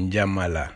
Njamala